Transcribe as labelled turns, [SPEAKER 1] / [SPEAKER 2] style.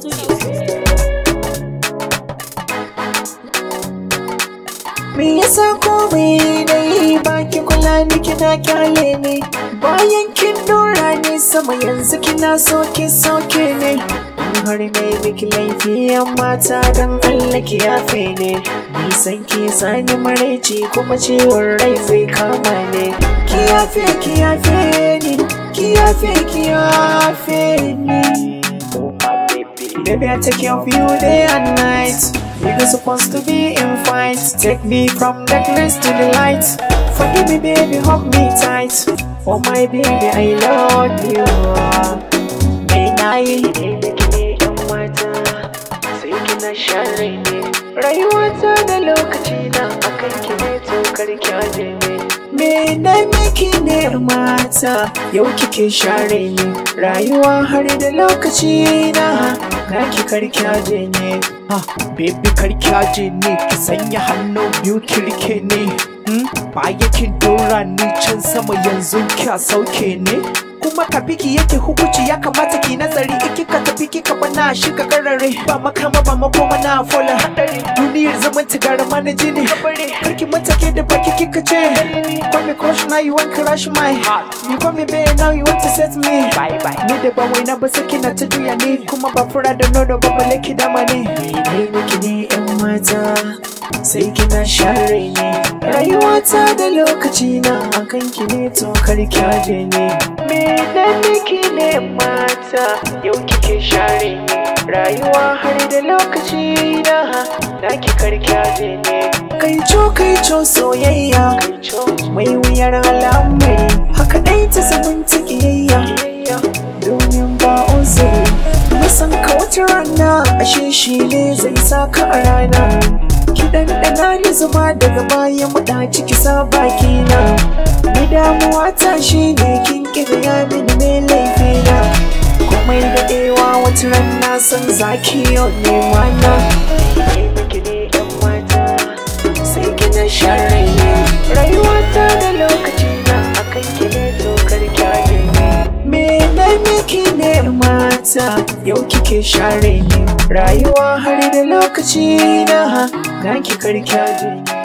[SPEAKER 1] studio. Me yasa komai na yi baki kula ni kina kyale ne bayan kin dora ni sama yanzu kina soke soke ne har na mai miki laifi mata don Allah ki yafe ne san ki sani maraici kuma ciwon rai zai kama ne ki yafe ki yafe ni ki yafe ki yafe ni Baby, I take care of you day and night. We were supposed to be in fight Take me from darkness to the light. Forgive me, baby, hug me tight. Oh my baby, I love you. Mai nayi ne dan mata, sai kina share ne. Rayuwata da lokaci na akan ki ne tokar kyaje ne. Me na miki ne mata, yau kike share ne. Rayuwa har da lokaci na. karki karkyaje ne ha baby karkyaje ne ki sanya hannu biyu kirke ne hmm? baya kin dora ni can sama yanzu kya sauke ne kuma ka fiki yake hukunci ya kamata ki nazari in kika tafi kika bana shi ka karare ba makama ba makoma na fola hadari Duniyar zaman tigara ma na jini Karki matake da baki kika ce kwa mi crush now you want crush my You call me babe now you want to set me Ni da ban waina ba saki na ta juya ni Kuma ba fura da nono ba bale ki dama ni Ni miki ne yan mata Sai kina share ni wata da lokaci na akan ki ne to kar kyaje ne Me da miki ne mata Yau kike share ni rayuwa har da lokaci na da ki je ne kai co kai co soyayya mai wuyar al'amari haka dai ta zaman ta domin ba uzuri musan ka wata rana ashe shi ne zai saka a rana ki ɗanɗana ni zuma daga baya mu ɗaci ki sa baki na ni damuwa ta shi ne kin ya mini wataran na san zaki yau ne mana sai gina sharai ne rayuwa ta da lokaci na akan gine tokar kyanin ne me na miki ne mata yau kike share ne rayuwa har da lokaci na ga ki karkyaje ne